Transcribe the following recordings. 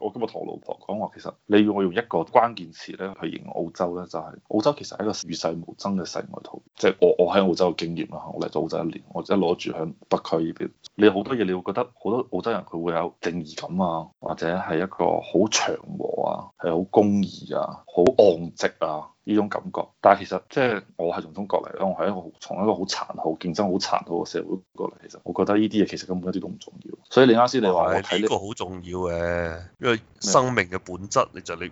我今日同我老婆講話，其實你要我用一個關鍵詞咧去形容澳洲咧，就係、是、澳洲其實係一個與世無爭嘅世外桃源，即、就、係、是、我我喺澳洲嘅經驗啊，我嚟咗澳洲一年，我一路住喺北區呢邊，你好多嘢，你會覺得好多澳洲人佢會有正義感啊，或者係一個好祥和啊，係好公義啊，好昂直啊。呢種感覺，但係其實即係、就是、我係從中國嚟，我係一個從一個好殘酷、競爭好殘酷嘅社會過嚟。其實我覺得呢啲嘢其實根本一啲都唔重要。所以你啱先你話我睇呢個好重要嘅，因為生命嘅本質你就你。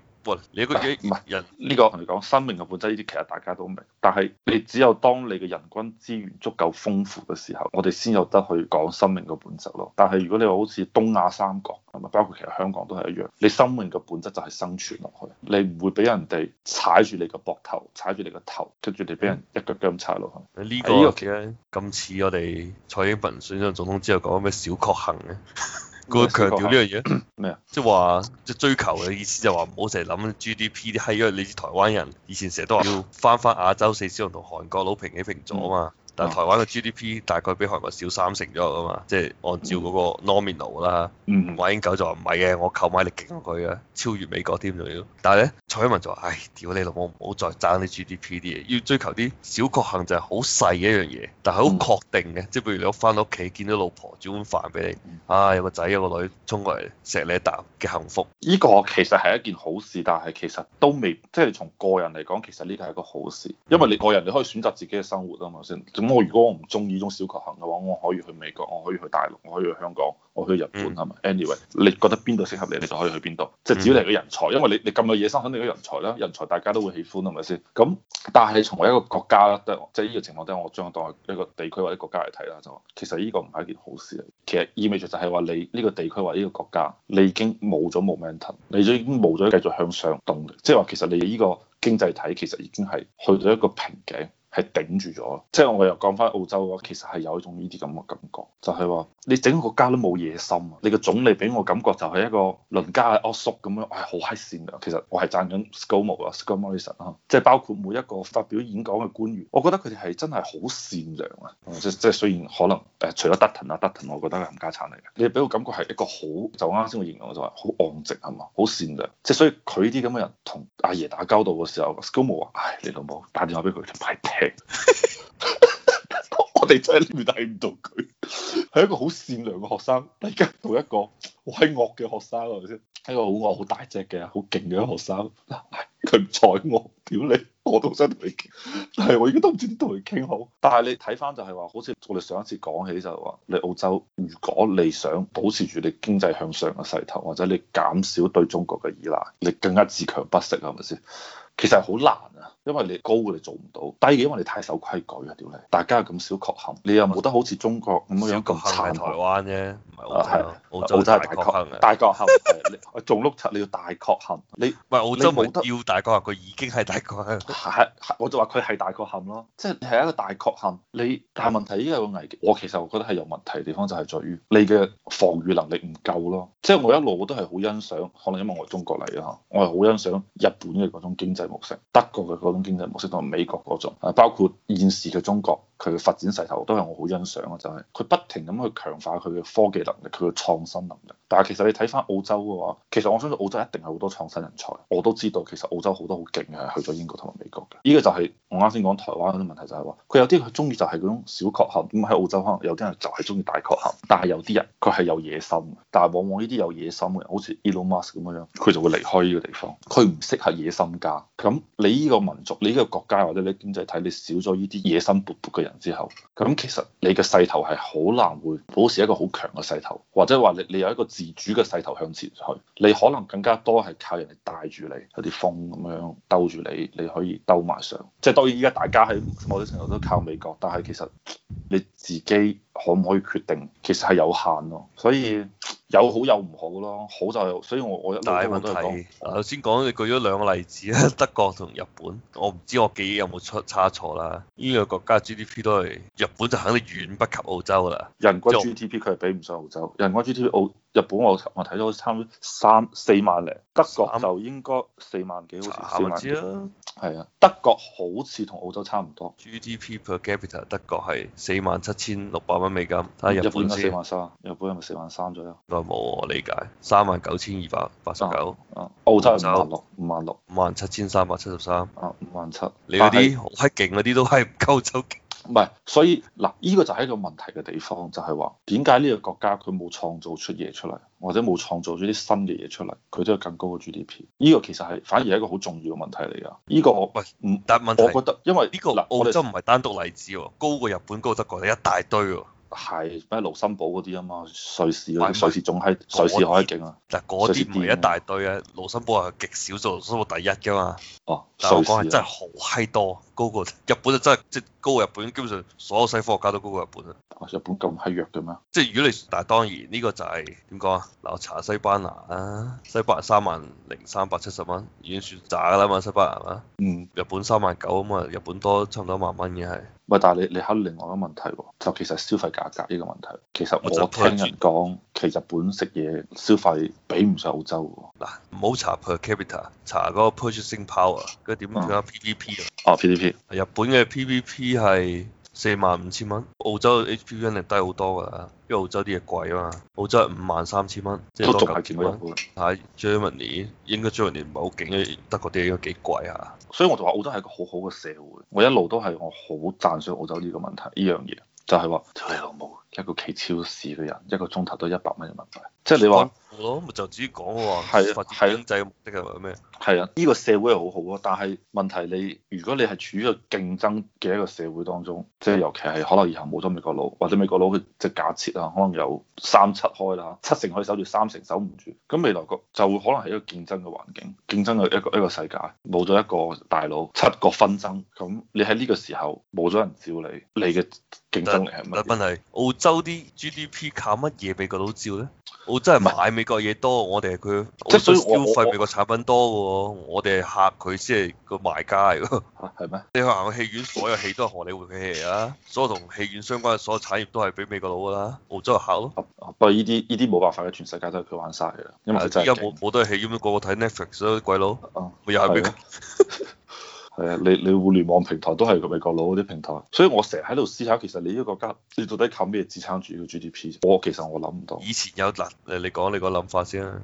你個幾唔係人？呢、同你講，生命嘅本質呢啲其實大家都明。但係你只有當你嘅人均資源足夠豐富嘅時候，我哋先有得去講生命嘅本質咯。但係如果你話好似東亞三國，咁啊包括其實香港都係一樣，你生命嘅本質就係生存落去，你唔會俾人哋踩住你個膊頭，踩住你個頭，跟住你俾人一腳腳咁踩落去。呢、嗯、個其實咁似我哋蔡英文選上總統之後講咩小確幸呢？ 佢強調呢樣嘢咩啊？即係話即係追求嘅意思，就話唔好成日諗 GDP 啲閪，因為你台灣人以前成日都話要翻翻亞洲四小龍同韓國佬平起平坐啊嘛。嗯、但係台灣嘅 GDP 大概比韓國少三成左右啊嘛。即、就、係、是、按照嗰個 nominal 啦，馬、嗯、英九就話唔係嘅，我購買力勁過佢嘅，超越美國添仲要。但係咧。蔡英文就話，唉，屌你老母，唔好再爭啲 GDP 啲嘢，要追求啲小確幸，就係好細嘅一樣嘢，但係好確定嘅，即係譬如你翻到屋企，見到老婆煮碗飯俾你，嗯、啊，有個仔有個女衝過嚟，錫你一啖嘅幸福，呢個其實係一件好事，但係其實都未，即係從個人嚟講，其實呢個係個好事，因為你個人你可以選擇自己嘅生活啊嘛，先、嗯，咁我如果我唔中意呢種小確幸嘅話，我可以去美國，我可以去大陸，我可以去香港。我去日本係咪，嗯？anyway，你覺得邊度適合你，你就可以去邊度。即、就、係、是、只要你係個人才，因為你你咁嘅野心肯定都人才啦。人才大家都會喜歡，係咪先？咁但係從一個國家咧，即係呢個情況底下，我將佢當一個地區或者國家嚟睇啦。就其實呢個唔係一件好事啊。其實意味著就係話你呢個地區或者呢個國家，你已經冇咗 momentum，你就已經冇咗繼續向上動力。即係話其實你呢個經濟體其實已經係去咗一個瓶頸。係頂住咗即係我又講翻澳洲嘅話，其實係有一種呢啲咁嘅感覺，就係、是、話你整個國家都冇野心啊！你個總理俾我感覺就係一個鄰家阿叔咁樣，唉、哎，好閪善良。其實我係贊緊 ScoMo 啊 ScoMo 呢神啊，即係包括每一個發表演講嘅官員，我覺得佢哋係真係好善良啊！即、嗯、即雖然可能誒，除咗 Dutton 啊 Dutton 我覺得係冚家鏟嚟嘅，你俾我感覺係一個好就啱先我形容就，就係好戇直係嘛，好善良。即所以佢啲咁嘅人同阿爺，爺打交道嘅時候 ScoMo 話、哎：唉，你老母，打電話俾佢買艇。 我哋真係理睇唔到佢，係一個好善良嘅學生，突然到一個好惡嘅學生，係咪先？一個好惡、好大隻嘅、好勁嘅學生，嗱、哎，佢睬我，屌你，我都想同你傾，但係我而家都唔知點同佢傾好。但係你睇翻就係話，好似我哋上一次講起就係話，你澳洲如果你想保持住你經濟向上嘅勢頭，或者你減少對中國嘅依賴，你更加自強不息，係咪先？其實好難啊。因為你高嘅你做唔到，低嘅因為你太守規矩啊屌你，大家咁少確幸，你又冇得好似中國咁麼樣咁殘台灣啫，唔係澳洲，澳洲係大確幸，大確幸，你做碌七你要大確幸，你唔係澳洲冇得要大確幸，佢已經係大確 我就話佢係大確幸咯，即係係一個大確幸，你但係問題呢個有危機，我其實我覺得係有問題嘅地方就係在於你嘅防禦能力唔夠咯，即係我一路我都係好欣賞，可能因為我係中國嚟啊，我係好欣賞日本嘅嗰種經濟模式，德國嘅經濟模式同美國嗰種，啊，包括現時嘅中國。佢嘅發展勢頭都係我好欣賞咯，就係佢不停咁去強化佢嘅科技能力，佢嘅創新能力。但係其實你睇返澳洲嘅話，其實我相信澳洲一定係好多創新人才。我都知道其實澳洲好多好勁嘅係去咗英國同埋美國嘅。呢個就係我啱先講台灣嗰啲問題，就係話佢有啲佢中意就係嗰種小確幸，咁喺澳洲可能有啲人就係中意大確幸，但係有啲人佢係有野心嘅。但係往往呢啲有野心嘅人，好似 Elon Musk 咁嘅樣，佢就會離開呢個地方，佢唔適合野心家。咁你呢個民族、你呢個國家或者你經濟體，你少咗呢啲野心勃勃嘅之後，咁其實你嘅勢頭係好難會保持一個好強嘅勢頭，或者話你你有一個自主嘅勢頭向前去，你可能更加多係靠人哋帶住你，有啲風咁樣兜住你，你可以兜埋上。即係當然，依家大家喺某啲程度都靠美國，但係其實你自己可唔可以決定，其實係有限咯。所以。有好有唔好咯，好就係，所以我我一大問題我都係講，頭先講好你舉咗兩個例子啊，德國同日本，我唔知我記憶有冇出差錯啦，呢個國家 GDP 都係，日本就肯定遠不及澳洲噶啦，人均 GDP 佢係比唔上澳洲，人均 GDP 澳。日本我我睇咗差唔多三四萬零，德國就應該四萬幾好似，唔知啊，係啊，德國好似同澳洲差唔多。GDP per capita 德國係四萬七千六百蚊美金，啊日本四萬三，日本係咪四萬三左右？應該冇我理解，三萬九千二百八十九，啊澳洲就六，五萬六，五萬七千三百七十三，啊五萬七。你嗰啲好閪勁嗰啲都係唔夠唔係，所以嗱，呢個就係一個問題嘅地方，就係話點解呢個國家佢冇創造出嘢出嚟，或者冇創造咗啲新嘅嘢出嚟，佢都有更高嘅 GDP。呢個其實係反而係一個好重要嘅問題嚟噶。呢個我喂唔，但係問題我覺得因為呢個嗱，澳洲唔係單獨例子喎，高過日本、高德國嘅一大堆喎。係，咩盧森堡嗰啲啊嘛啊，瑞士，瑞士仲喺瑞士海景啊。嗱，嗰啲唔係一大堆啊，盧森堡係極少數，數到第一嘅嘛。哦。但係我講係真係好閪多，高過日本啊，真係即係高過日本，基本上所有西方國家都高過日本啊。日本咁閪弱嘅咩？即係如果你，但係當然呢個就係點講啊？嗱，我查西班牙啊，西班牙三萬零三百七十蚊，已經算渣㗎啦嘛，西班牙啊。嗯。日本三萬九啊嘛，日本多差唔多萬蚊嘅係。喂，但係你你考慮另外一個問題喎，就其實消費價格呢個問題，其實我聽人講，P P 其實日本食嘢消費比唔上澳洲㗎。嗱、嗯，唔好查 per capita，查嗰個 purchasing power，跟住點樣叫啊 PPP 啊？哦，PPP。日本嘅 PPP 係四萬五千蚊，澳洲嘅 HPI 肯定低好多噶啦，因為澳洲啲嘢貴啊嘛。澳洲係五萬三千蚊，即係多九千蚊。睇 Germany 應該 Germany 唔係好勁，因為德國啲應該幾貴嚇、啊。所以我就話澳洲係一個好好嘅社會，我一路都係我好讚賞澳洲呢個問題呢樣嘢。就係、話、喎。就係你老母。一個企超市嘅人一個鐘頭都一百蚊嘅問題，即係你話，我諗就主要講個話係係經濟目的咩？係啊，呢個社會係好好啊，但係問題你如果你係處於一個競爭嘅一個社會當中，即係尤其係可能以後冇咗美國佬，或者美國佬佢即係假設啊，可能有三七開啦七成可以守住，三成守唔住，咁未來個就可能係一個競爭嘅環境，競爭嘅一個一個世界，冇咗一個大佬，七個紛爭，咁你喺呢個時候冇咗人照你，你嘅競爭力係乜問題？洲啲 GDP 靠乜嘢美國佬照咧？澳洲係買美國嘢多，我哋係佢即係消費美國產品多嘅喎，我哋係客佢先係個賣家嚟咯。嚇係咩？你去行個戲院，所有戲都係荷里活嘅戲嚟啊！所有同戲院相關嘅所有產業都係俾美國佬噶啦。澳洲客咯，不過依啲依啲冇辦法嘅，全世界都係佢玩晒㗎啦。因為依家冇冇多戲院，個個睇 Netflix 咯，鬼佬佢又係美國。係啊，你你互聯網平台都係美國佬嗰啲平台，所以我成日喺度思考，其實你呢個國家你到底靠咩支撐住個 GDP？我其實我諗唔到。以前有能，你你講你個諗法先啦。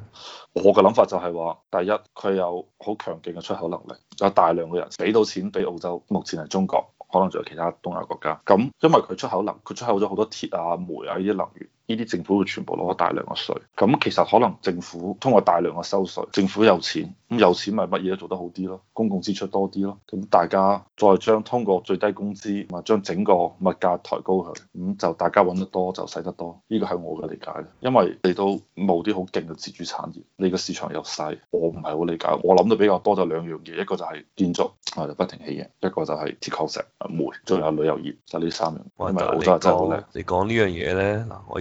我嘅諗法就係話，第一佢有好強勁嘅出口能力，有大量嘅人俾到錢俾澳洲，目前係中國，可能仲有其他東亞國家。咁因為佢出口能，佢出口咗好多鐵啊、煤啊呢啲能源。呢啲政府會全部攞咗大量嘅稅，咁其實可能政府通過大量嘅收稅，政府有錢，咁有錢咪乜嘢都做得好啲咯，公共支出多啲咯，咁大家再將通過最低工資同埋將整個物價抬高佢，咁就大家揾得多就使得多，呢個係我嘅理解。因為你都冇啲好勁嘅自主產業，你個市場又細，我唔係好理解。我諗到比較多就兩樣嘢，一個就係建築就不停起嘅；一個就係鐵礦石啊、et, 煤，仲有旅遊業，就呢三樣。哇因為澳洲真你講說呢樣嘢咧，嗱我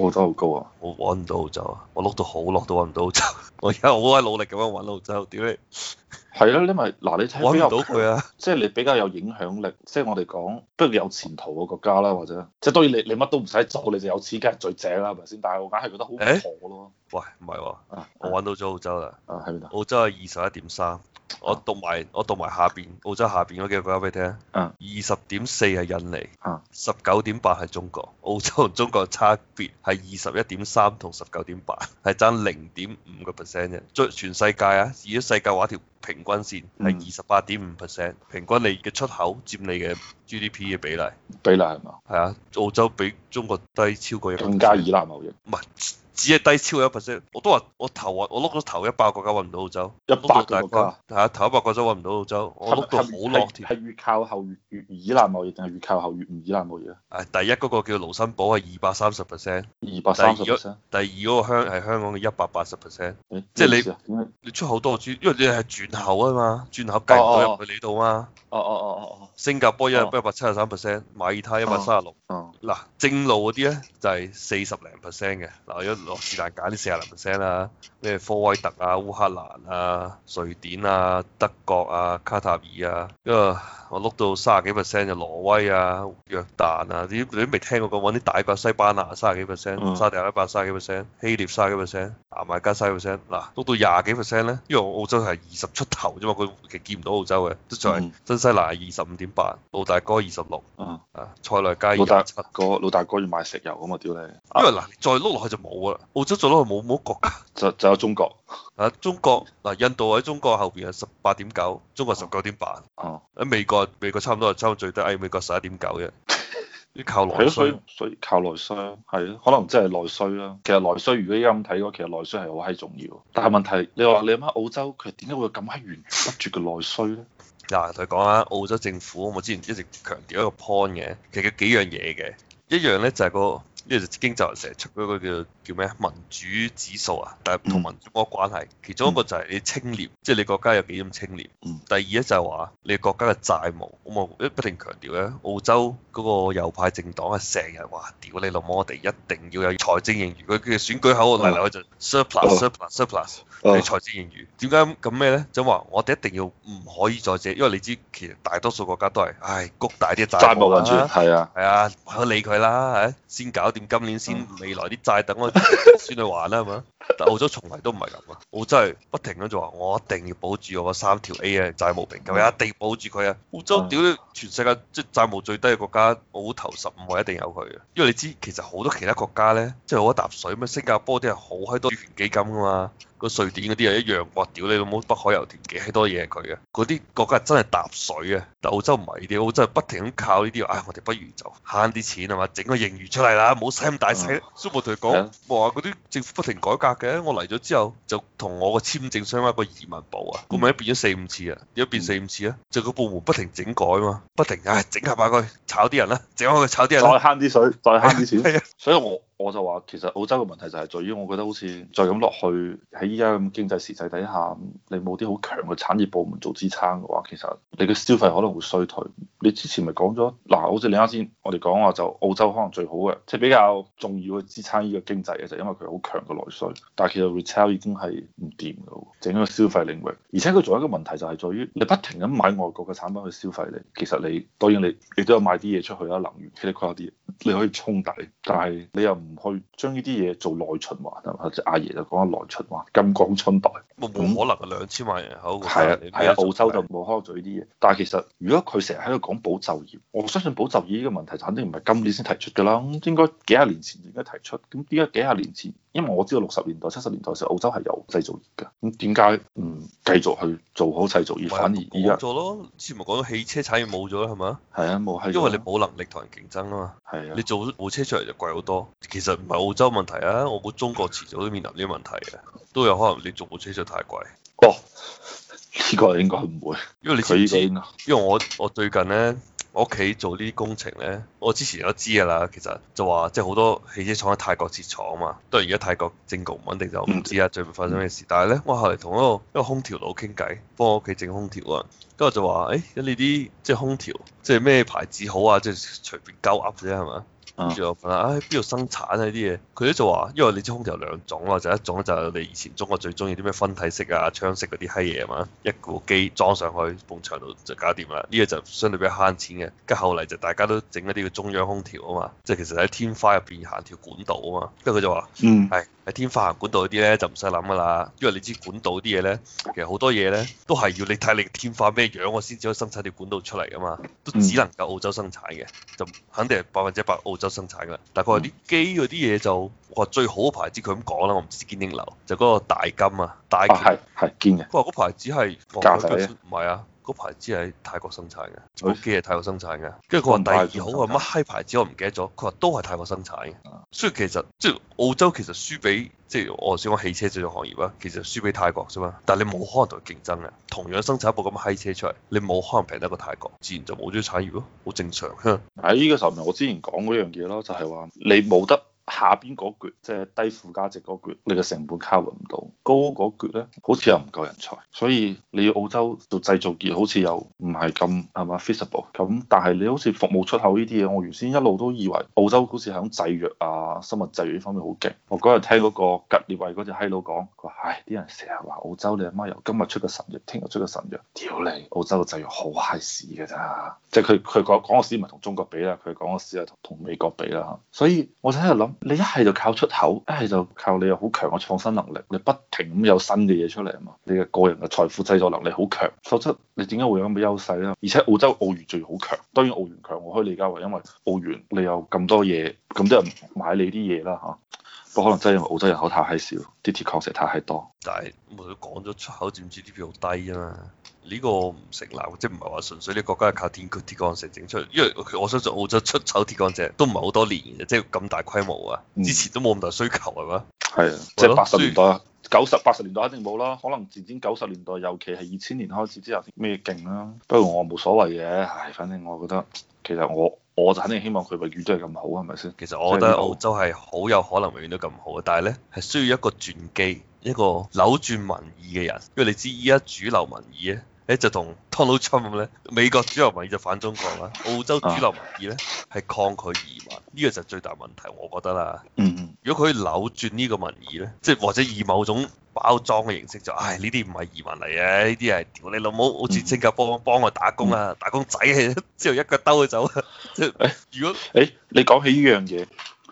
澳洲好高啊！我揾唔到澳洲啊！我碌到好落都揾唔到澳洲。我而家好鬼努力咁樣揾澳洲，屌你！係啦，因為嗱，你睇揾唔到佢啊！啊即係你比較有影響力，即係我哋講，不如有前途嘅國家啦，或者即係當然你你乜都唔使做，你就有錢梗係最正啦，係咪先？但係我梗係覺得好唔妥咯。喂，唔係喎，啊、我揾到咗澳洲啦！啊啊、澳洲係二十一點三。我讀埋我讀埋下邊澳洲下邊嗰幾個國家俾你聽，二十點四係印尼，十九點八係中國，澳洲同中國差別係二十一點三同十九點八，係爭零點五個 percent 啫。全世界啊，如果世界畫條平均線係二十八點五 percent，平均你嘅出口佔你嘅 GDP 嘅比例，比例係嘛？係啊，澳洲比中國低超過一，更加依賴貿易，唔係。只係低超一 percent，我都話我頭運我碌咗頭一百個國家運唔到澳洲，一百國家係啊頭一百國家運唔到澳洲，我碌到好落係越靠後越越以難貿易，定係越靠後越唔以難貿易啊？誒，第一嗰個叫盧森堡係二百三十 percent，二百三第二嗰個香係香港嘅一百八十 percent，即係你你出好多錢，因為你係轉口啊嘛，轉口計唔入去你度啊嘛。哦哦哦哦哦。新加坡一百七十三 percent，馬爾他一百三十六。嗱正路嗰啲咧就係四十零 percent 嘅，嗱落、啊、是但揀啲四十零 percent 啦，咩科威特啊、烏克蘭啊、瑞典啊、德國啊、卡塔爾啊，因為我碌到三十幾 percent 就挪威啊、約旦啊，啲你都未聽過講揾啲大國西班牙三十幾 percent，沙地阿拉伯三十幾 percent，希臘三十幾 percent，牙買加三十幾 percent，嗱碌到廿幾 percent 咧，因為澳洲係二十出頭啫嘛，佢其見唔到澳洲嘅，都就係新西蘭係二十五點八，老大哥二十六，啊，塞內加爾二十七老大哥，老大哥要買石油咁啊屌你，因為嗱再碌落去就冇啊。澳洲做到冇冇國家，就就有中國、啊、中國。啊，中國嗱，印度喺中國後邊係十八點九，中國十九點八。哦，喺美國，美國差唔多係抽最低，美國十一點九嘅。你靠內需， 所以靠內需，係咯，可能真係內需啦。其實內需，如果依家咁睇嘅，其實內需係好閪重要。但係問題，你話你諗下澳洲，佢點解會咁閪完全住個內需咧？嗱、啊，就係講啦，澳洲政府我之前一直強調一個 point 嘅，其實幾樣嘢嘅，一樣咧就係個。呢就經濟成日出嗰個叫叫咩民主指數啊，但係同民主冇關係。其中一個就係你清廉，即係、嗯、你國家有幾咁清廉。第二咧就係話你國家嘅債務。我冇一不停強調咧，澳洲嗰個右派政黨係成日話，屌你老母！我哋一定要有財政盈餘。佢嘅選舉口號嚟嚟就 surplus，surplus，surplus 係 surplus, surplus，財政盈餘。點解咁咩咧？就係話我哋一定要唔可以再借，因為你知其實大多數國家都係唉，谷大啲債務係啊，係啊，唔好、啊、理佢啦，係先搞。點今年先未來啲債等我算去還啦，係嘛？ 但澳洲從嚟都唔係咁啊！澳洲係不停咁做話，我一定要保住我三條 A 嘅債務評級，一定要保住佢啊！澳洲屌全世界即係債務最低嘅國家，我估頭十五位一定有佢啊！因為你知其實好多其他國家咧，即係好一揼水咩？新加坡啲係好閪多主權基金啊嘛，個瑞典嗰啲又一樣，我屌你老母，北海油田幾閪多嘢佢啊。嗰啲國家真係揼水啊。但澳洲唔係呢啲，澳洲係不停咁靠呢啲。唉、哎，我哋不如就慳啲錢啊嘛，整個盈餘出嚟啦，唔好使咁大使。蘇博同佢講話嗰啲政府不停改革。嘅，我嚟咗之後就同我個簽證相關個移民部啊，咁咪變咗四、啊、四五次啊，點解變四五次啊？就個部門不停整改啊嘛，不停啊整下過去啊整下佢，炒啲人啦，整下佢炒啲人，再慳啲水，再慳啲錢， 係啊、所以我。我就話其實澳洲嘅問題就係在於，我覺得好似再咁落去，喺依家咁經濟時勢底下，你冇啲好強嘅產業部門做支撐嘅話，其實你嘅消費可能會衰退。你之前咪講咗，嗱，好似你啱先我哋講話就澳洲可能最好嘅，即係比較重要去支撐呢個經濟嘅就因為佢好強嘅內需。但係其實 retail 已經係唔掂嘅喎，整個消費領域。而且佢仲有一個問題就係在於，你不停咁買外國嘅產品去消費你，其實你當然你亦都有賣啲嘢出去啦，能源、chemical 啲嘢，你可以沖抵，但係你又。唔去將呢啲嘢做內循環，或者阿爺就講內循環金光春代，冇可能啊！嗯、兩千萬人口，係啊係啊，看啊澳洲就冇可能做呢啲嘢。啊、但係其實如果佢成日喺度講保就業，我相信保就業呢個問題就肯定唔係今年先提出㗎啦，應該幾廿年前就應該提出。咁點解幾廿年前？因為我知道六十年代、七十年代時候澳洲係有製造業嘅，咁點解唔繼續去做好製造業，反而而家冇咗咯？之前咪講到汽車產業冇咗啦，係咪啊？係啊，冇因為你冇能力同人競爭啊嘛。係啊，你做部車出嚟就貴好多。其實唔係澳洲問題啊，我估中國遲早都面臨呢啲問題嘅，都有可能你做部車出嚟就太貴。哦，呢、呢個應該唔會，因為你知知因為我我最近咧。我屋企做呢啲工程呢，我之前都知噶啦。其實就話即係好多汽車廠喺泰國設廠啊嘛。當然而家泰國政局唔穩定就唔知啊，最近發生咩事。但係呢，我後嚟同一個一個空調佬傾偈，幫我屋企整空調啊。跟住就話誒，咁你啲即係空調即係咩牌子好啊？即係隨便鳩噏啫係嘛？跟住我問啦，哎，邊度生產啊啲嘢？佢咧就話，因為你知空調有兩種咯，就一種就係我哋以前中國最中意啲咩分體式啊、窗式嗰啲閪嘢啊嘛，一個機裝上去埲牆度就搞掂啦。呢個就相對比較慳錢嘅。跟後嚟就大家都整一啲叫中央空調啊嘛，即係其實喺天花入邊行條管道啊嘛。跟住佢就話，哎、嗯，係。喺天花管道嗰啲咧就唔使諗噶啦，因為你知管道啲嘢咧，其實好多嘢咧都係要你睇你天花咩樣，我先至可以生產條管道出嚟噶嘛，都只能夠澳洲生產嘅，就肯定係百分之一百澳洲生產噶啦。但係佢話啲機嗰啲嘢就話最好牌子，佢咁講啦，我唔知堅定流就嗰個大金大啊，大係係堅嘅。佢話嗰牌子係唔係啊？嗰牌子係喺泰國生產嘅，部機係泰國生產嘅。跟住佢話第二好話乜閪牌子我，我唔記得咗。佢話都係泰國生產嘅。嗯、所以其實即係澳洲其實輸俾即係我先講汽車製造行業啊，其實輸俾泰國啫嘛。但係你冇可能同佢競爭嘅，同樣生產一部咁嘅閪車出嚟，你冇可能平得過泰國，自然就冇咗產業咯，好正常。喺呢個時候咪我之前講嗰樣嘢咯，就係、是、話你冇得。下邊嗰橛即係低附加值嗰橛，你嘅成本 cover 唔到。高嗰橛咧，好似又唔夠人才。所以你澳洲做製造業，好似又唔係咁係嘛 feasible。咁但係你好似服務出口呢啲嘢，我原先一路都以為澳洲好似響製藥啊、生物製藥呢方面好勁。我嗰日聽嗰個吉列維嗰隻閪佬講，佢話：唉，啲人成日話澳洲，你阿媽由今日出個神藥，聽日出個神藥，屌你！澳洲嘅製藥好嗨屎㗎咋。即係佢佢講講個市民同中國比啦，佢講個市係同同美國比啦。所以我就喺度諗。你一係就靠出口，一係就靠你有好強嘅創新能力，你不停咁有新嘅嘢出嚟啊嘛！你嘅個人嘅財富製作能力好強，否則你點解會有咁嘅優勢咧？而且澳洲澳元最好強，當然澳元強，我可以理解為，因為澳元你有咁多嘢，咁多人買你啲嘢啦吓。不過可能真係因為澳洲人口太閪少，啲鐵礦石太閪多。但係我都講咗出口佔 GDP 好低啊嘛，呢、呢個唔成立，即係唔係話純粹啲國家係靠天攜鐵礦石整出嚟，因為我相信澳洲出口鐵礦石都唔係好多年嘅，即係咁大規模啊，嗯、之前都冇咁大需求係嘛？係，的說即係八十年代、啊以，九十八十年代一定冇啦，可能自從九十年代，尤其係二千年開始之後，咩勁啦？不過我冇所謂嘅，唉，反正我覺得。其實我我就肯定希望佢永遠都係咁好，係咪先？其實我覺得澳洲係好有可能永遠都咁好，但係呢係需要一個轉機，一個扭轉民意嘅人，因為你知依家主流民意誒就同 Donald Trump 咁咧，美國主流民意就反中國啦。澳洲主流民意咧係、啊、抗拒移民，呢、這個就最大問題，我覺得啦。嗯嗯，如果佢扭轉呢個民意咧，即係或者以某種包裝嘅形式就，唉、哎，呢啲唔係移民嚟嘅，呢啲係屌你老母好似新加坡幫我打工啊，嗯、打工仔啊，之後一腳兜佢走即誒，如果誒，你講起呢樣嘢。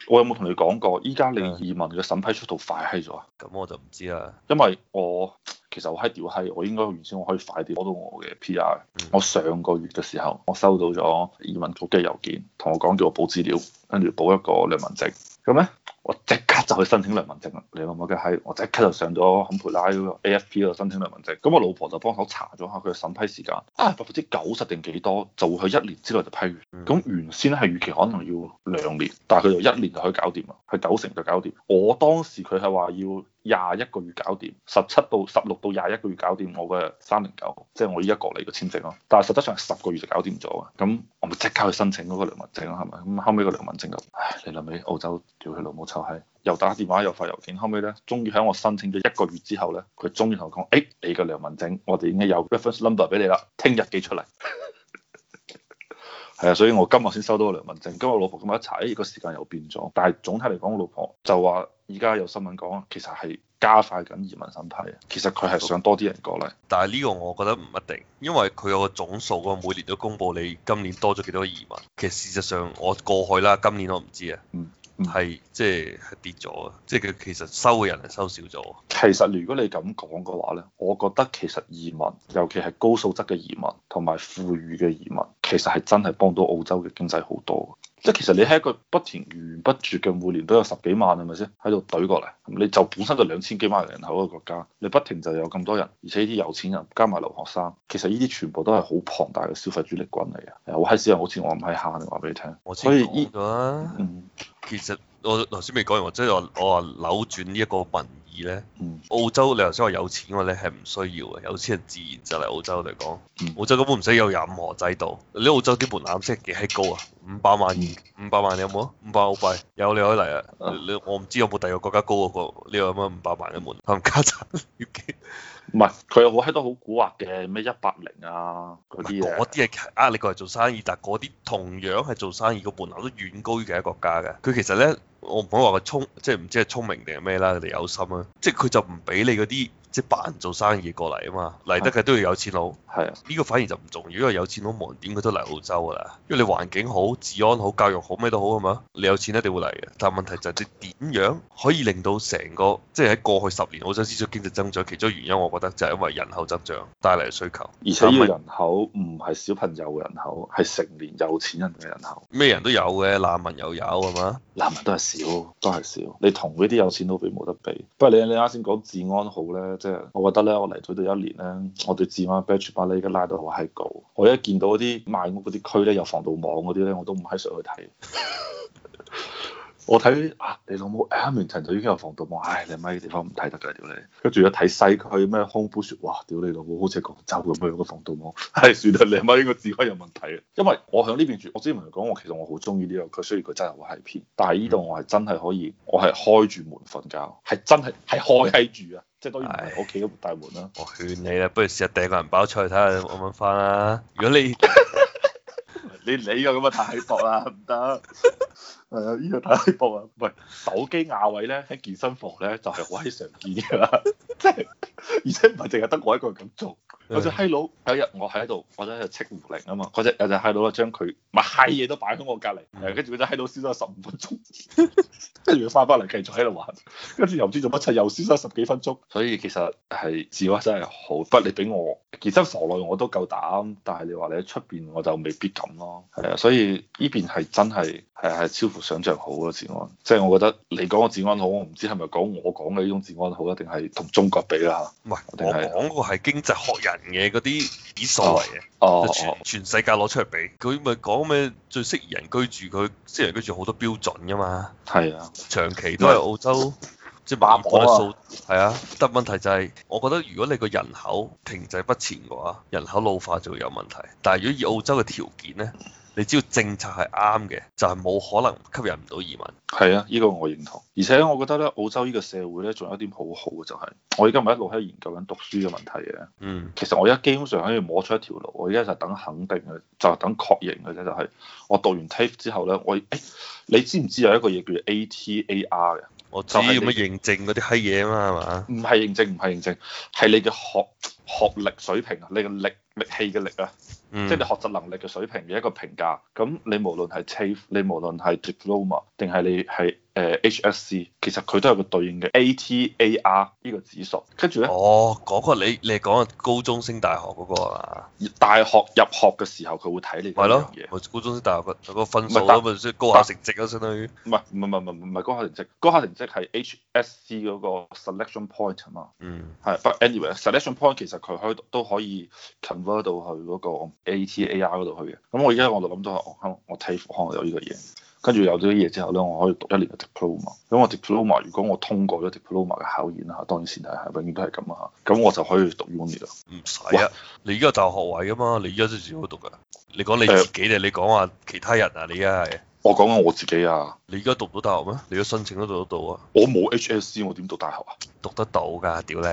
我有冇同你講過，依家你移民嘅審批速度快咗？嗯、啊！咁我就唔知啦。因為我其實我喺屌閪，我應該原先我可以快啲攞到我嘅 P R。嗯、我上個月嘅時候，我收到咗移民局嘅郵件，同我講叫我補資料，跟住補一個兩文證。咁咧？我即刻就去申請良民證，你有有，你諗唔嘅係我即刻就上咗坎培拉嗰個 AFP 嗰度申請良民證，咁我老婆就幫手查咗下佢嘅審批時間，啊百分之九十定幾多就會喺一年之內就批完，嗯，咁原先係預期可能要兩年，但係佢就一年就可以搞掂啊，去九成就搞掂。我當時佢係話要廿一個月搞掂，十七到十六到廿一個月搞掂我嘅三零九，即係我依家國嚟嘅簽證咯。但係實質上係十個月就搞掂咗啊，咁我咪即刻去申請嗰個良民證咯，係咪？咁後尾個良民證就，唉，你諗起澳洲叫佢老母。就係、是、又打電話又發郵件，後尾咧，終於喺我申請咗一個月之後咧，佢終於同我講：誒、欸，你個良民證，我哋已經有 reference number 俾你啦，聽日寄出嚟。係 啊，所以我今日先收到個良民證。今日老婆咁樣一查，誒、欸，個時間又變咗。但係總體嚟講，我老婆就話：而家有新聞講，其實係加快緊移民審批。其實佢係想多啲人過嚟。但係呢個我覺得唔一定，因為佢有個總數，佢每年都公佈你今年多咗幾多移民。其實事實上，我過去啦，今年我都唔知啊。嗯。係即係跌咗啊！即係佢其實收嘅人係收少咗。其實如果你咁講嘅話咧，我覺得其實移民，尤其係高素質嘅移民同埋富裕嘅移民，其實係真係幫到澳洲嘅經濟好多。即係其實你係一個不停源源不絕嘅，每年都有十幾萬係咪先喺度對過嚟？你就本身就兩千幾萬人口嘅國家，你不停就有咁多人，而且呢啲有錢人加埋留學生，其實呢啲全部都係好龐大嘅消費主力軍嚟嘅。好閪死人，好似我唔係閪慳，話俾你聽。所以呢，嗯、其實我頭先未講完，即係我我話扭轉呢一個二咧，澳洲你頭先話有錢嘅咧係唔需要嘅，有錢人自然就嚟、是、澳洲嚟講。澳洲根本唔使有任何制度，你澳洲啲門檻即係幾閪高啊？五百萬五百萬有冇？五百澳幣有你可以嚟啊！你、嗯、我唔知有冇第二個國家高過呢個咁樣五百萬嘅門。新加坡唔係，佢好喺度好蠱惑嘅咩一百零啊嗰啲啲係啊，你過嚟做生意，但嗰啲同樣係做生意個門檻都遠高於其他國家嘅。佢其實咧。我唔好話佢聰，即係唔知係聰明定係咩啦，佢哋有心啊！即係佢就唔俾你嗰啲即係扮做生意過嚟啊嘛，嚟得嘅都要有錢佬。係啊，呢個反而就唔重要，因為有錢佬冇人點佢都嚟澳洲噶啦，因為你環境好、治安好、教育好、咩都好係嘛，你有錢一定會嚟嘅。但係問題就係你點樣可以令到成個即係喺過去十年澳洲經濟增長，其中原因我覺得就係因為人口增長帶嚟嘅需求，而且呢個人口唔係小朋友人口，係成年有錢人嘅人口。咩人都有嘅，難民又有係嘛，難民都係。少都係少，你同嗰啲有錢都比冇得比。不過你，你啱先講治安好咧，即係我覺得咧，我嚟咗度一年咧，我對治安 budget by 咧，而家拉到好閪高。我一見到嗰啲賣屋嗰啲區咧有防盜網嗰啲咧，我都唔閪想去睇。 我睇啊，你老母阿明陳就已經有防盜網，唉，零米嘅地方唔睇得噶，屌你！跟住一睇西區咩空富雪，哇，屌你老母好似廣州咁樣嘅防盜網，唉，算得零米個智慧有問題啊！因為我喺呢邊住，我之前同佢講，我其實我好中意呢個，佢雖然佢真係會係騙，但係呢度我係真係可以，我係開住門瞓覺，係真係係開閪住啊！即係當然唔係屋企嘅大門啦。我勸你啦，不如試下掟個人包出去睇下安唔安分啦。如果你你你個咁啊太薄啦，唔得。係啊，呢個太恐怖啊！唔 係樂手機亞位咧，喺健身房咧，就係好常見㗎喇，即係 而且唔係淨係得我一個人咁做。有隻閪佬有一日，我喺度，我喺度斥糊零啊嘛。只有隻閪佬啊，將佢咪閪嘢都擺喺我隔離，跟住嗰隻閪佬消失十五分鐘，跟住翻返嚟繼續喺度玩，跟住又唔知做乜柒，又消失十幾分鐘。所以其實係治安真係好，不你俾我，其實傻內我都夠膽，但係你話你喺出邊我就未必敢咯。係啊，所以呢邊係真係係係超乎想像好咯，治安。即係我覺得你講個治安好，我唔知係咪講我講嘅呢種治安好一定係同中國比啦嚇？唔係，我講嗰個係經濟學人。嘢嗰啲以數嚟嘅，oh, oh, oh. 就全全世界攞出嚟俾佢，咪講咩最適宜人居住，佢適宜人居住好多標準噶嘛，係啊，長期都係澳洲。即係萬可啊，係啊，但問題就係，我覺得如果你個人口停滯不前嘅話，人口老化就會有問題。但係如果以澳洲嘅條件咧，你只要政策係啱嘅，就係冇可能吸引唔到移民。係啊，呢個我認同。而且我覺得咧，澳洲呢個社會咧，仲有啲好好嘅就係，我而家咪一路喺度研究緊讀書嘅問題嘅。嗯。其實我而家基本上喺度摸出一條路，我而家就等肯定嘅，就等確認嘅啫。就係我讀完 TAFE 之後咧，我誒，你知唔知有一個嘢叫 ATAR 嘅？我只要乜認證嗰啲閪嘢啊嘛，係嘛？唔係認證，唔係認證。係你嘅學學歷水平啊，你嘅力力氣嘅力啊，即係、嗯、你學習能力嘅水平嘅一個評價。咁你無論係 certificate，你無論係 diploma，定係你係。誒 HSC 其實佢都有個對應嘅 ATAR 呢個指數，跟住咧，哦，嗰個你你係講啊高中升大學嗰個啊，大學入學嘅時候佢會睇呢個嘢，係咯，高中升大學個分數啊，咪即係高考成績啊，相當於，唔係唔係唔係唔係高考成績，高考成績係 HSC 嗰個 selection point 嘛，嗯，係，but anyway selection point 其實佢可以都可以 convert 到去嗰個 ATAR 嗰度去嘅，咁我而家我就諗到我睇乎可能有呢個嘢。跟住有咗啲嘢之後咧，我可以讀一年嘅 diploma。咁我 diploma 如果我通過咗 diploma 嘅考驗啦嚇，當然前提係永遠都係咁啊嚇，咁我就可以讀 uni 啦。唔使啊，哇你依家就學位啊嘛，你依家都仲要讀啊？你講你自己定、呃、你講下其他人啊？你而家係？我講緊我自己啊！你而家讀唔到大學咩？你嘅申請都讀得到啊？我冇 H S C，我點讀大學啊？讀得到噶，屌你，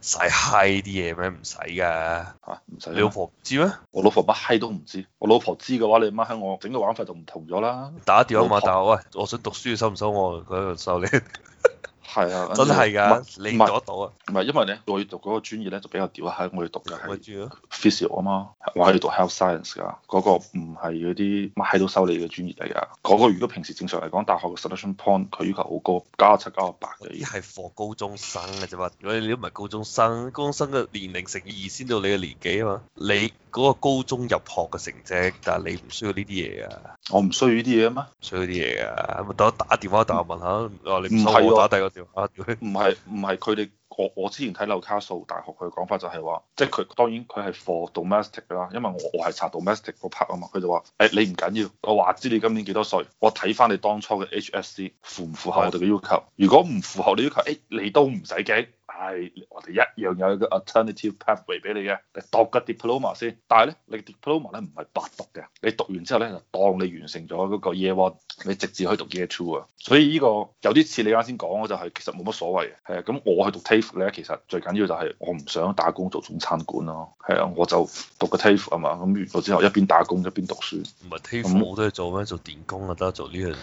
使嗨啲嘢咩？唔使噶，吓唔使。你老婆唔知咩？我老婆乜嗨都唔知。我老婆知嘅話，你媽喺我整個玩法就唔同咗啦。打電話嘛，大佬啊，我想讀書，收唔收我？佢就收你。 係啊，真係㗎，你唔做得到啊。唔係因為咧，我哋讀嗰個專業咧就比較屌啊，我哋讀嘅係 physio 啊嘛，我係讀 health science 噶，嗰個唔係嗰啲乜係到收你嘅專業嚟㗎。嗰個如果平時正常嚟講，大學嘅 selection point 佢要求好高，九廿七九廿八嘅。一係課高中生㗎啫嘛，如果你都唔係高中生，高中生嘅年齡乘二先到你嘅年紀啊嘛。你嗰個高中入學嘅成績，但係你唔需要呢啲嘢㗎。我唔需要呢啲嘢啊嘛。需要啲嘢㗎，咪等我打電話等我問下，你唔打第二唔係，唔係，佢哋我我之前睇紐卡素大學佢講法就係話，就是，即係佢當然佢係 for domestic 㗎啦，因為我我係查 domestic 嗰 part 啊嘛，佢就話，誒、欸、你唔緊要，我話知你今年幾多歲，我睇返你當初嘅 HSC 符唔符合我哋嘅要求，是的 如果唔符合你要求，誒、欸、你都唔使驚。係，我哋一樣有一個 alternative pathway 俾你嘅，你讀個 diploma 先。但係咧，你 diploma 咧唔係白讀嘅，你讀完之後咧就當你完成咗嗰個 year one，你直接可以讀 year two 啊。所以呢個有啲似你啱先講，就係、是、其實冇乜所謂嘅。係啊，咁我去讀 TAFE 咧，其實最緊要就係我唔想打工做中餐館咯。係啊，我就讀個 TAFE 係嘛，咁完咗之後一邊打工一邊讀書。唔係 TAFE，咁我都係做咩？做電工啊，得做呢樣。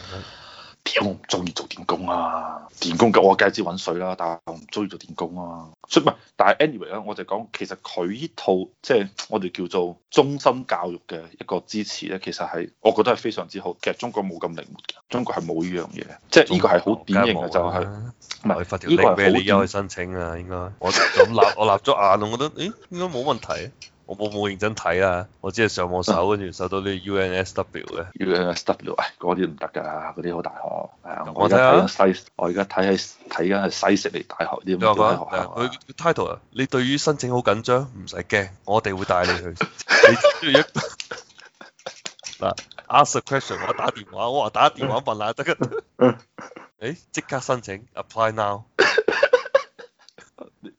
我唔中意做電工啊，電工嘅我梗係知揾水啦，但係我唔中意做電工啊。所以唔係，但係 anyway 咧、啊，我就講，其實佢依套即係、就是、我哋叫做中心教育嘅一個支持咧，其實係我覺得係非常之好。其實中國冇咁靈活嘅，中國係冇呢樣嘢，中國 即係呢個係好典型嘅、啊、就係、是。唔係發條令俾你又去申請啊？應該我咁立 我立咗眼，我覺得誒應該冇問題。我冇冇認真睇啊！我只係上網搜，跟住搜到啲 U N S W 嘅 U N S W，嗰啲唔得噶，嗰啲好大學。我睇下我在在西，我而家睇喺睇緊係西悉尼大學啲咁嘅學佢、啊對呃、title，你對於申請好緊張？唔使驚，我哋會帶你去。嗱、 啊、，ask a question，我打電話，我、哦、話打電話問下得。誒、啊，即、啊欸、刻申請，apply now。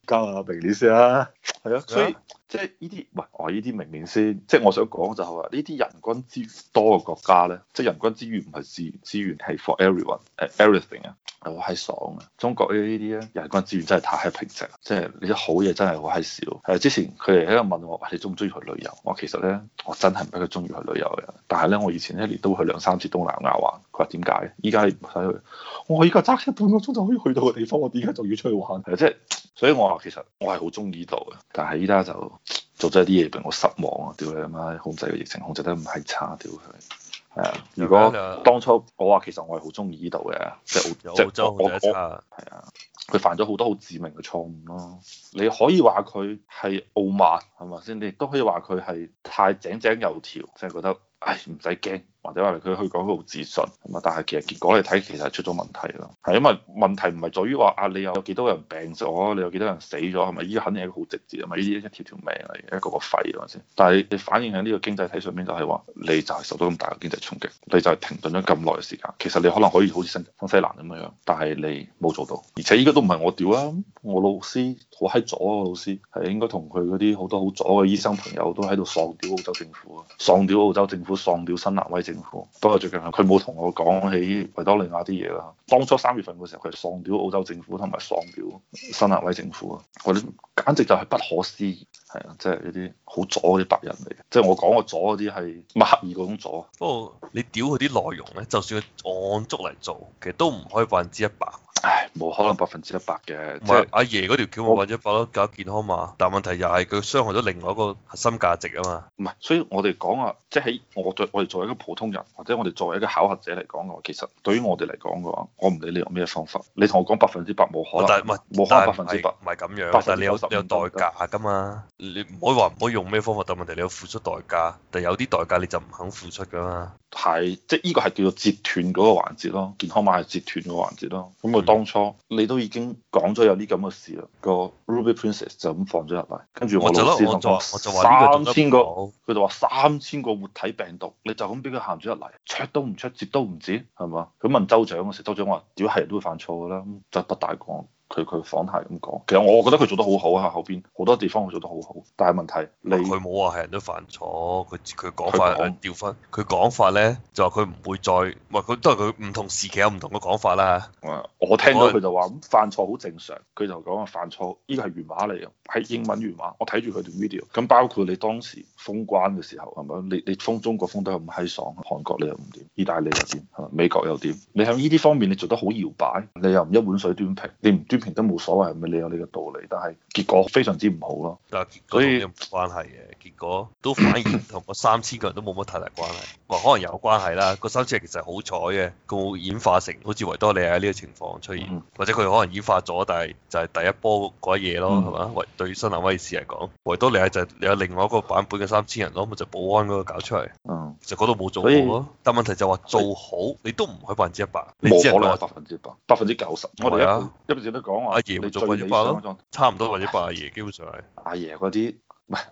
交下明年先啦，係啊，的所以即係呢啲，唔我呢啲明年先，即係我想講就係話呢啲人均資多嘅國家咧，即係人均資源唔係資資源係 for everyone，誒 everything 啊，好閪爽啊！中國呢呢啲咧，人均資源真係太平靜，即係你啲好嘢真係好閪少。誒，之前佢哋喺度問我，你中唔中意去旅遊？我其實咧，我真係唔係一個中意去旅遊嘅人，但係咧，我以前一年都去兩三次東南亞玩。佢話點解？依家你唔使去，哦、我依家揸車半個鐘就可以去到嘅地方，我點解仲要出去玩？係啊，即係。所以我話其實我係好中意呢度嘅，但係依家就做咗啲嘢令我失望啊！屌你媽，控制個疫情控制得咁閪差，屌佢！係啊，如果當初我話其實我係好中意呢度嘅，即係澳洲，我我我係啊，佢犯咗好多好致命嘅錯誤咯。你可以話佢係傲慢係咪先？你亦都可以話佢係太井井有條，即係覺得。唉，唔使驚，或者話佢去講佢好自信咁啊，但係其實結果你睇，其實係出咗問題咯。係因為問題唔係在於話啊，你有幾多人病咗，你有幾多人死咗係咪？依家、這個、肯定係一個好直接啊，咪依啲一條條命嚟，一個個肺。啊嘛先。但係你反應喺呢個經濟體上面，就係話，你就係受到咁大嘅經濟衝擊，你就係停頓咗咁耐嘅時間。其實你可能可以好似新新西蘭咁樣樣，但係你冇做到。而且依家都唔係我屌啊，我老師好閪左啊。老師，係應該同佢嗰啲好多好左嘅醫生朋友都喺度喪屌澳洲政府啊，喪屌澳洲政。佢喪掉新南威政府，不過最近佢冇同我講起維多利亞啲嘢啦。當初三月份嘅時候，佢係喪掉澳洲政府，同埋喪掉新南威政府啊！嗰啲簡直就係不可思議，係啊，即係一啲好左嗰啲白人嚟嘅。即係我講個左嗰啲係麥克爾嗰種左。不過、哦、你屌佢啲內容咧，就算佢按足嚟做，其實都唔可以百分之一百。冇可能百分之一百嘅。不即阿爺嗰條橋，我百分之百攞搞健康碼，但問題又係佢傷害咗另外一個核心價值啊嘛。唔係，所以我哋講啊，即係我對我哋作為一個普通人，或者我哋作為一個考核者嚟講嘅話，其實對於我哋嚟講嘅話，我唔理你用咩方法，你同我講百分之百冇可能，但唔係冇可能百分之百唔係咁樣，但係你，你有代價㗎嘛。你唔可以話唔可以用咩方法，但問題你要付出代價，但有啲代價你就唔肯付出㗎嘛。係，即係依個係叫做截斷嗰個環節咯，健康碼係截斷個環節咯，咁咪、嗯當初你都已經講咗有啲咁嘅事啦，個 Ruby Princess 就咁放咗入嚟，跟住我老師同我，就我就三千個，佢就話三千個活體病毒，你就咁俾佢行咗入嚟，出都唔出，接都唔接，係嘛？咁問州長嗰時，州長話：屌係人都會犯錯㗎啦，就不大講。佢佢訪台咁講，其實我覺得佢做得好好啊，後邊好多地方佢做得好好，但係問題你佢冇話係人都犯錯，佢佢講法我講調翻佢講法咧，就話佢唔會再，唔係佢都係佢唔同時期有唔同嘅講法啦我我聽到佢就話我犯錯好正常，佢就講犯錯，呢個係原話嚟嘅，喺英文原話，我睇住佢條 video，咁包括你當時封關嘅時候係咪？你你封中國封得咁閪爽，韓國你又唔掂，意大利又點，係嘛？美國又點？你喺呢啲方面你做得好搖擺，你又唔一碗水端平，你唔端。都冇所謂，係咪你有你嘅道理，但係結果非常之唔好咯。但係所以關係嘅結果都反而同個三千人都冇乜太大關係。可能有關係啦，個三千人其實好彩嘅，佢演化成好似維多利亞呢個情況出現，或者佢可能演化咗，但係就係第一波嗰一嘢咯，係嘛？維對新南威爾士嚟講，維多利亞就有另外一個版本嘅三千人咯，咪就保安嗰個搞出嚟。嗯，就嗰度冇做好咯。但問題就話做好，你都唔係百分之一百，冇可能話百分之一百，百分之九十。我哋啊，講話阿爺會做或者爸咯，差唔多或者爸阿爺，基本上係阿爺嗰啲。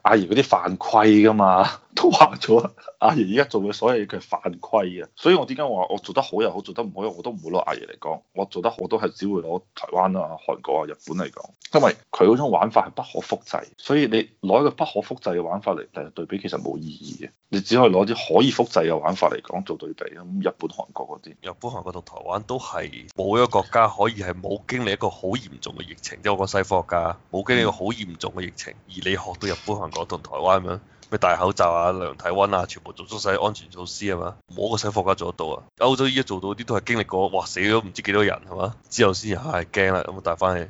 阿、哎、爺嗰啲犯規㗎嘛，都話咗阿爺而家做嘅所有嘢佢犯規啊，所以我點解話我做得好又好，做得唔好又好，我都唔會攞阿爺嚟講，我做得好都係只會攞台灣啊、韓國啊、日本嚟講，因為佢嗰種玩法係不可複製，所以你攞一個不可複製嘅玩法嚟嚟對比其實冇意義嘅，你只可以攞啲可以複製嘅玩法嚟講做對比啊，咁日本、韓國嗰啲，日本、韓國同台灣都係冇一個國家可以係冇經歷一個好嚴重嘅疫情，即係我講西方國家冇經歷一個好嚴重嘅疫情，而你學到日韓國同台灣咁樣，咩戴口罩啊、量體温啊，全部做足晒安全措施啊嘛，冇個西貨家做得到啊！歐洲依家做到啲都係經歷過，哇死咗唔知幾多人係嘛，之後先至係驚啦，咁帶翻去。